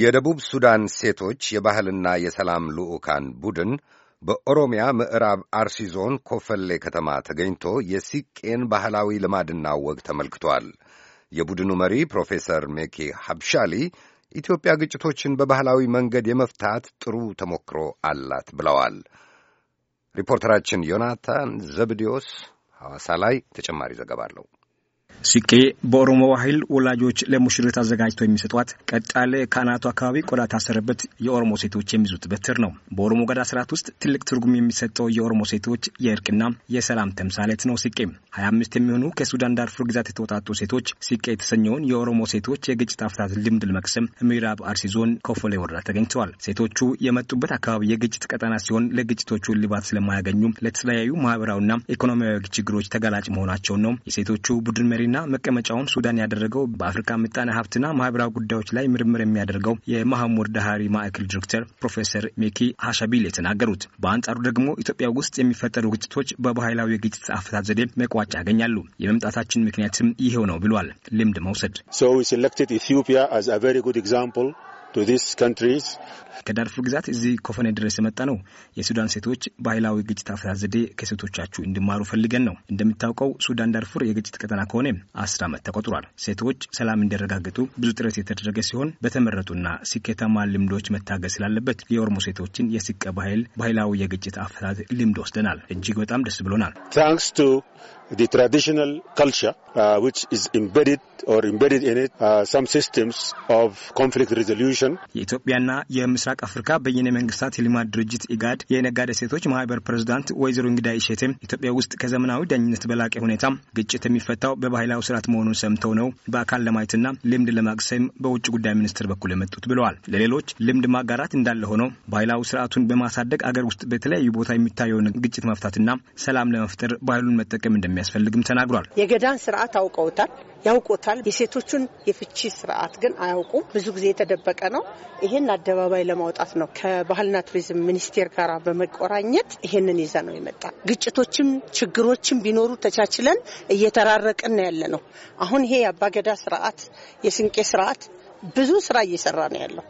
የደቡብ ሱዳን ሴቶች የባህልና የሰላም ልዑካን ቡድን በኦሮሚያ ምዕራብ አርሲ ዞን ኮፈሌ ከተማ ተገኝቶ የሲቄን ባህላዊ ልማድና ወግ ተመልክቷል። የቡድኑ መሪ ፕሮፌሰር ሜኬ ሀብሻሊ ኢትዮጵያ ግጭቶችን በባህላዊ መንገድ የመፍታት ጥሩ ተሞክሮ አላት ብለዋል። ሪፖርተራችን ዮናታን ዘብዲዮስ ሐዋሳ ላይ ተጨማሪ ዘገባ አለው። ስቄ በኦሮሞ ባህል ወላጆች ለሙሽሪት አዘጋጅተው የሚሰጧት ቀጫሌ ከአናቱ አካባቢ ቆዳ ታሰረበት የኦሮሞ ሴቶች የሚይዙት በትር ነው። በኦሮሞ ገዳ ስርዓት ውስጥ ትልቅ ትርጉም የሚሰጠው የኦሮሞ ሴቶች የእርቅና የሰላም ተምሳሌት ነው። ስቄ ሀያ አምስት የሚሆኑ ከሱዳን ዳርፉር ግዛት የተወጣጡ ሴቶች ስቄ የተሰኘውን የኦሮሞ ሴቶች የግጭት አፍታት ልምድ ለመቅሰም ምዕራብ አርሲ ዞን ኮፈሌ ወረዳ ተገኝተዋል። ሴቶቹ የመጡበት አካባቢ የግጭት ቀጠና ሲሆን ለግጭቶቹ እልባት ስለማያገኙ ለተለያዩ ማህበራዊና ኢኮኖሚያዊ ችግሮች ተጋላጭ መሆናቸው ነው የሴቶቹ ቡድን መሪ ተጠሪና መቀመጫውን ሱዳን ያደረገው በአፍሪካ ምጣኔ ሀብትና ማህበራዊ ጉዳዮች ላይ ምርምር የሚያደርገው የማህሙድ ዳሃሪ ማዕከል ዲሬክተር ፕሮፌሰር ሜኪ ሀሻቢል የተናገሩት። በአንጻሩ ደግሞ ኢትዮጵያ ውስጥ የሚፈጠሩ ግጭቶች በባህላዊ የግጭት አፈታት ዘዴ መቋጫ ያገኛሉ። የመምጣታችን ምክንያትም ይሄው ነው ብሏል። ልምድ መውሰድ ከዳርፉ ግዛት እዚህ ኮፈኔ ድረስ የመጣ ነው። የሱዳን ሴቶች ባህላዊ ግጭት አፈታት ዘዴ ከሴቶቻችሁ እንዲማሩ ፈልገን ነው። እንደሚታወቀው ሱዳን ዳርፉር የግጭት ቀጠና ከሆነ አስር ዓመት ተቆጥሯል። ሴቶች ሰላም እንዲረጋግጡ ብዙ ጥረት የተደረገ ሲሆን በተመረጡና ስኬታማ ልምዶች መታገዝ ስላለበት የኦሮሞ ሴቶችን የስቀ ባህል ባህላዊ የግጭት አፈታት ልምድ ወስደናል። እጅግ በጣም ደስ ብሎናል። ታንክስ ቱ ትራዲሽናል ካልቸር ዊች ኢዝ ኢምቤድድ ኦር ኢምቤድድ ኢን ኢት ሰም ሲስተምስ ኦፍ ኮንፍሊክት ሪዞሉሽን ሴቶችን የኢትዮጵያና የምስራቅ አፍሪካ በየነ መንግስታት የልማት ድርጅት ኢጋድ የነጋዴ ሴቶች ማህበር ፕሬዚዳንት ወይዘሮ እንግዳ ይሸቴም ኢትዮጵያ ውስጥ ከዘመናዊ ዳኝነት በላቀ ሁኔታ ግጭት የሚፈታው በባህላዊ ስርዓት መሆኑን ሰምተው ነው በአካል ለማየትና ልምድ ለማቅሰም በውጭ ጉዳይ ሚኒስቴር በኩል የመጡት ብለዋል። ለሌሎች ልምድ ማጋራት እንዳለ ሆነው ባህላዊ ስርዓቱን በማሳደግ አገር ውስጥ በተለያዩ ቦታ የሚታየውን ግጭት መፍታትና ሰላም ለመፍጠር ባህሉን መጠቀም እንደሚያስፈልግም ተናግሯል። የገዳን ስርዓት አውቀውታል፣ ያውቁታል። የሴቶቹን የፍቺ ስርዓት ግን አያውቁም። ብዙ ጊዜ የተደበቀ ነው። ይህን አደባባይ ለማውጣት ነው ከባህልና ቱሪዝም ሚኒስቴር ጋር በመቆራኘት ይህንን ይዘ ነው የመጣ። ግጭቶችም ችግሮችም ቢኖሩ ተቻችለን እየተራረቅን ያለ ነው። አሁን ይሄ የአባገዳ ስርዓት የስንቄ ስርዓት ብዙ ስራ እየሰራ ነው ያለው።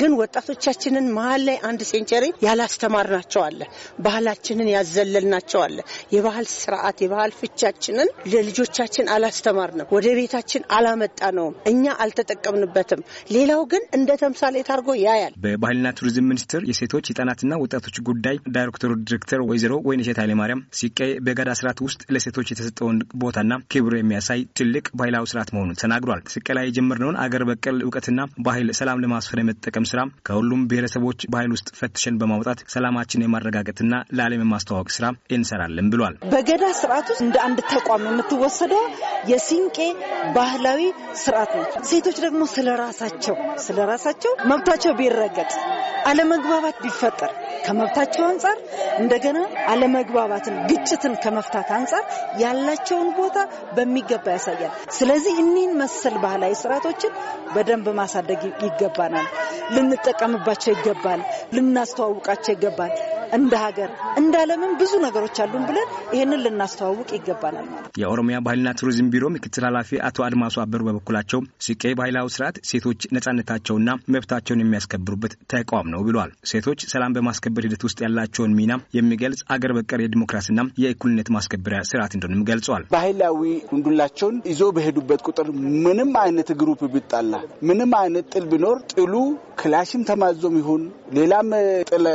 ግን ወጣቶቻችንን መሀል ላይ አንድ ሴንቸሪ ያላስተማርናቸው አለ። ባህላችንን ያዘለልናቸው አለ። የባህል ስርዓት የባህል ፍቻችንን ለልጆቻችን ነው ወደ ቤታችን አላመጣ ነውም እኛ አልተጠቀምንበትም። ሌላው ግን እንደ ተምሳሌ ታርጎ ያያል። በባህልና ቱሪዝም ሚኒስቴር የሴቶች ህጻናትና ወጣቶች ጉዳይ ዳይሬክተሩ ዲሬክተር ወይዘሮ ወይንሸት ኃይለማርያም ሲቀይ በገዳ ስርዓት ውስጥ ለሴቶች የተሰጠውን ቦታና ክብር የሚያሳይ ትልቅ ባህላዊ ስርዓት መሆኑን ተናግሯል። ሲቀይ የጀመርነውን አገር በቀል እውቀትና ባህል ሰላም ለማስፈር የመጠቀም ስራ ከሁሉም ብሔረሰቦች ባህል ውስጥ ፈትሸን በማውጣት ሰላማችን የማረጋገጥና ለዓለም የማስተዋወቅ ስራ እንሰራለን ብሏል። በገዳ ስርዓት ውስጥ እንደ አንድ ተቋም የምትወሰደው የሲንቄ ባህላዊ ስርዓት ነች። ሴቶች ደግሞ ስለ ራሳቸው ስለ ራሳቸው መብታቸው ቢረገጥ አለመግባባት ቢፈጠር ከመብታቸው አንጻር እንደገና አለመግባባትን፣ ግጭትን ከመፍታት አንጻር ያላቸውን ቦታ በሚገባ ያሳያል። ስለዚህ እኒህን መሰል ባህላዊ ስርዓቶችን በደንብ በደንብ ማሳደግ ይገባናል። ልንጠቀምባቸው ይገባል። ልናስተዋውቃቸው ይገባል። እንደ ሀገር እንደ ዓለምም ብዙ ነገሮች አሉን ብለን ይህንን ልናስተዋውቅ ይገባናል ማለት። የኦሮሚያ ባህልና ቱሪዝም ቢሮ ምክትል ኃላፊ አቶ አድማሱ አበሩ በበኩላቸው ሲቄ ባህላዊ ስርዓት ሴቶች ነጻነታቸውና መብታቸውን የሚያስከብሩበት ተቋም ነው ብሏል። ሴቶች ሰላም በማስከበር ሂደት ውስጥ ያላቸውን ሚና የሚገልጽ አገር በቀር የዲሞክራሲና የእኩልነት ማስከበሪያ ስርዓት እንደሆንም ገልጿል። ባህላዊ ንዱላቸውን ይዞ በሄዱበት ቁጥር ምንም አይነት ግሩፕ ቢጣላ ምንም አይነት ጥል ቢኖር ጥሉ ክላሽም ተማዞም ይሁን ሌላም ጥለ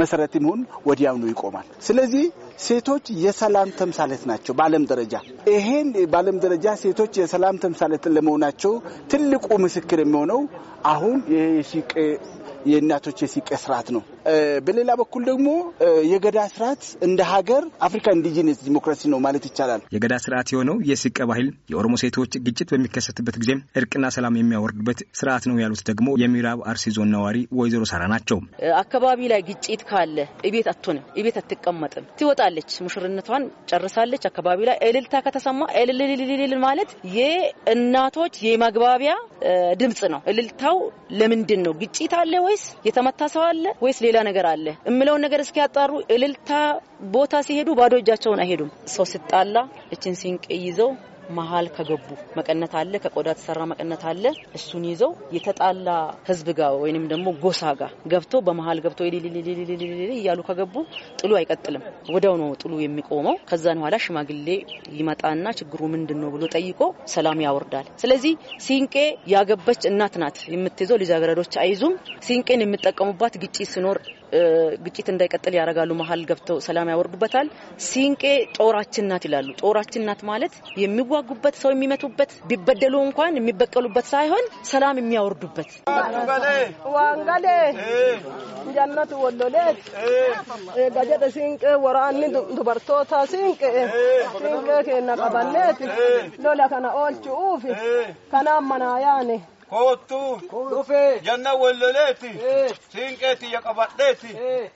መሰረትም ይሁን ወዲያውኑ ይቆማል። ስለዚህ ሴቶች የሰላም ተምሳሌት ናቸው በዓለም ደረጃ። ይሄን በዓለም ደረጃ ሴቶች የሰላም ተምሳሌት ለመሆናቸው ትልቁ ምስክር የሚሆነው አሁን የእናቶች የሲቄ ስርዓት ነው። በሌላ በኩል ደግሞ የገዳ ስርዓት እንደ ሀገር አፍሪካ ኢንዲጂነስ ዲሞክራሲ ነው ማለት ይቻላል። የገዳ ስርዓት የሆነው የስቀ ባህል የኦሮሞ ሴቶች ግጭት በሚከሰትበት ጊዜ እርቅና ሰላም የሚያወርድበት ስርዓት ነው ያሉት ደግሞ የምዕራብ አርሲ ዞን ነዋሪ ወይዘሮ ሳራ ናቸው። አካባቢ ላይ ግጭት ካለ እቤት አትሆንም፣ እቤት አትቀመጥም፣ ትወጣለች። ሙሽርነቷን ጨርሳለች። አካባቢ ላይ እልልታ ከተሰማ እልልልልል ማለት የእናቶች የማግባቢያ ድምጽ ነው። እልልታው ለምንድን ነው? ግጭት አለ ወይስ የተመታ ሰው አለ ወይስ ሌላ ነገር አለ እምለውን ነገር እስኪያጣሩ እልልታ ቦታ ሲሄዱ ባዶ እጃቸውን አይሄዱም። ሰው ሲጣላ እችን ሲንቅ ይዘው መሀል ከገቡ መቀነት አለ፣ ከቆዳ የተሰራ መቀነት አለ። እሱን ይዘው የተጣላ ህዝብ ጋር ወይንም ደግሞ ጎሳ ጋር ገብቶ በመሀል ገብቶ እያሉ ከገቡ ጥሉ አይቀጥልም። ወዲያው ነው ጥሉ የሚቆመው። ከዛን ኋላ ሽማግሌ ይመጣና ችግሩ ምንድን ነው ብሎ ጠይቆ ሰላም ያወርዳል። ስለዚህ ሲንቄ ያገበች እናት ናት የምትይዘው። ልጃገረዶች አይዙም። ሲንቄን የምጠቀሙባት ግጭት ሲኖር ግጭት እንዳይቀጥል ያደርጋሉ። መሀል ገብተው ሰላም ያወርዱበታል። ሲንቄ ጦራችን ናት ይላሉ። ጦራችን ናት ማለት የሚዋጉበት ሰው የሚመቱበት ቢበደሉ እንኳን የሚበቀሉበት ሳይሆን ሰላም የሚያወርዱበት ዋንጋሌ ጀነት ወሎሌት ገጀደ ሲንቄ ወራኒ ዱበርቶታ ሲንቄ ሲንቄ ኬና ሎላ ከና ከና መናያኔ koottuu janna wolloleeti siinqeeti yaqabadheeti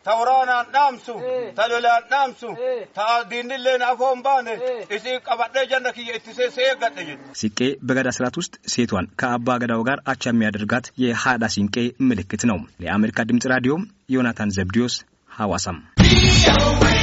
tawraanaan dhaamsu ta lolaan dhaamsu ta diinilleen afoon baane isiin qabadhee janna kiyya ittisee seegadhe jedhe ሲንቄ በገዳ ስርዓት ውስጥ ሴቷን ከአባ ገዳው ጋር አቻ የሚያደርጋት የሀዳ ሲንቄ ምልክት ነው። ለአሜሪካ ድምፅ ራዲዮ ዮናታን ዘብዲዮስ ሐዋሳም